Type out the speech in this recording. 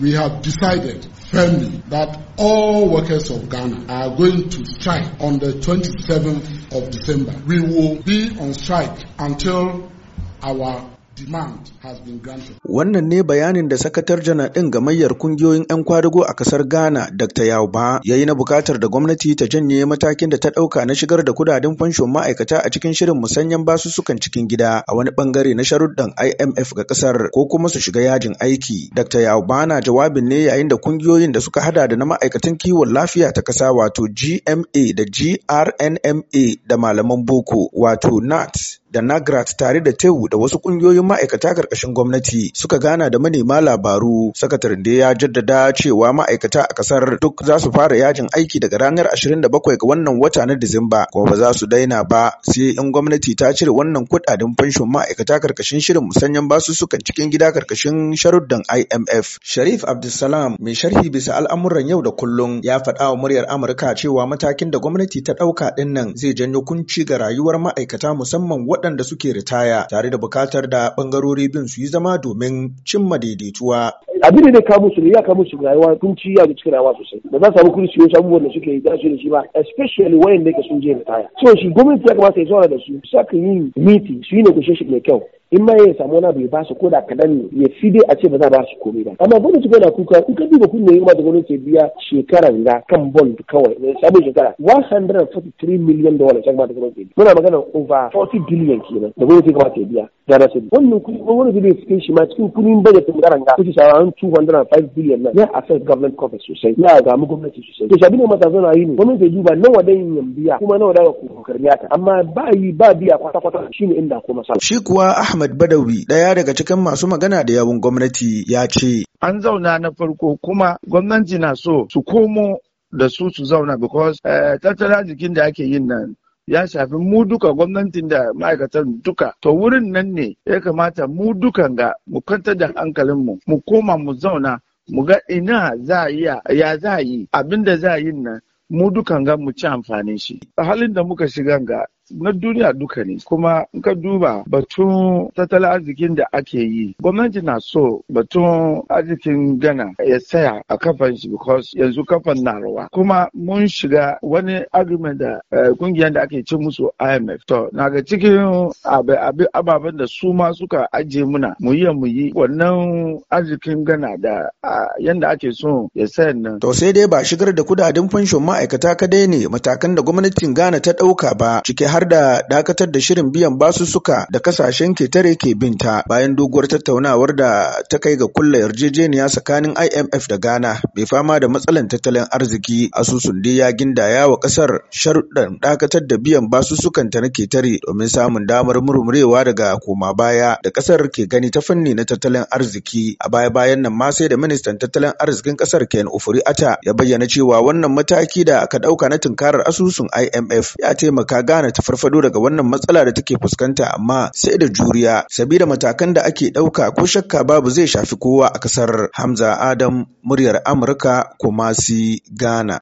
we have decided firmly that all workers of Ghana are going to strike on the 27th of December. We will be on strike until our Wannan ne bayanin da sakatar Jana ɗin gamayyar kungiyoyin 'yan kwadugo a ƙasar Ghana Dr. Yauba ya yi na bukatar da gwamnati ta janye matakin da ta ɗauka na shigar da kudaden fanshon ma'aikata a cikin shirin musanyen basussukan cikin gida a wani bangare na sharuɗan IMF ga ƙasar, ko kuma su shiga yajin aiki. Dr. Yauba na jawabin ne yayin da kungiyoyin da suka hada da na ma'aikatan kiwon lafiya ta kasa wato GMA da GRNMA da malaman boko wato NAT da nagrat tare da tewu da wasu ƙungiyoyin ma'aikata karkashin gwamnati suka gana da manema labaru sakataren da ya jaddada cewa ma'aikata a kasar duk za su fara yajin aiki daga ranar 27 ga wannan wata na disamba kuma ba za su daina ba sai in gwamnati ta cire wannan kudaden fanshon ma'aikata karkashin shirin musanyen basussukan cikin gida karkashin sharuddan imf sharif abdulsalam mai sharhi bisa al'amuran yau da kullum ya faɗa wa muryar amurka cewa matakin da gwamnati ta ɗauka ɗin zai janyo kunci ga rayuwar ma'aikata musamman waɗanda suke ritaya tare da bukatar da ɓangarori bin su yi zama domin cimma daidaituwa. abin da zai kawo musu ne ya kawo musu rayuwa kunci ya cikin rayuwa sosai ba za su samu kudi su yi abubuwan da suke yi da su da shi ba especially wayan da ke sun je ritaya so shi gwamnati ya kamata ya zauna da su saka yin miti su yi negotiation mai kyau in ma ya samu wani abu ya basu ko da kaɗan ne ya fi dai a ce ba za a basu komai ba amma gwamnati gwamnati kuka in ka duba kudin yin da gwamnati biya shekaran ga kan bond kawai ne sabon shekara 143 million dollars ya kamata gwamnati ya biya muna magana over 40 billion kenan da gwamnati ya kamata ya biya da rasu wannan kudi gwamnati zai cikin shi ma cikin kudin budget da ga kuci wannan 205 billion nan ya affect government coffers sosai ya mu gwamnati sosai to shabi ne matasa na yi ne gwamnati ya duba nawa da yin biya kuma nawa da kokarin yata amma ba yi ba biya kwata kwata shine inda ko masala shi kuwa Ahmad Badawi daya daga cikin masu magana da yawun gwamnati ya ce an zauna na farko kuma gwamnati na so su komo da su su zauna because eh, tattalin arzikin da ake yin nan ya shafi mu duka gwamnatin da ma'aikatan duka to wurin nan ne ya kamata mu dukan ga mu kwantar da hankalinmu mu koma mu zauna mu ga ina za ya za yi abinda za yi nan mu dukan ga mu ci amfanin shi halin da muka shiga ga na duniya duka ne kuma in ka duba batun tattalin arzikin da ake yi gwamnati na so batun arzikin gana ya saya a kafan shi because yanzu kafan na rawa kuma mun shiga wani argument da eh, kungiyar da ake ce musu IMF to na ga cikin ababen da su ma suka ajiye muna mu yi mu yi wannan arzikin gana da yanda ake so ya saya nan to sai dai ba shigar da kudaden fanshon ma'aikata kadai ne matakan da gwamnatin Ghana ta ɗauka ba ciki har har da dakatar da shirin biyan basussuka da kasashen ketare ke binta bayan doguwar tattaunawar da ta kai ga kulla yarjejeniya tsakanin IMF da Ghana mai fama da matsalan tattalin arziki asusun dai ya gindaya wa kasar sharuɗan dakatar da biyan basussukan ta na ketare domin samun damar murmurewa daga koma baya da kasar ke gani ta fanni na tattalin arziki a baya bayan nan ma sai da ministan tattalin arzikin kasar Ken ufuri Ata ya bayyana cewa wannan mataki da aka ɗauka na tunkarar asusun IMF ya taimaka Ghana ta farfado daga wannan matsala da take fuskanta amma sai da juriya sabida matakan da ake ɗauka ko shakka babu zai shafi kowa a ƙasar Hamza Adam muryar Amurka kuma si Ghana.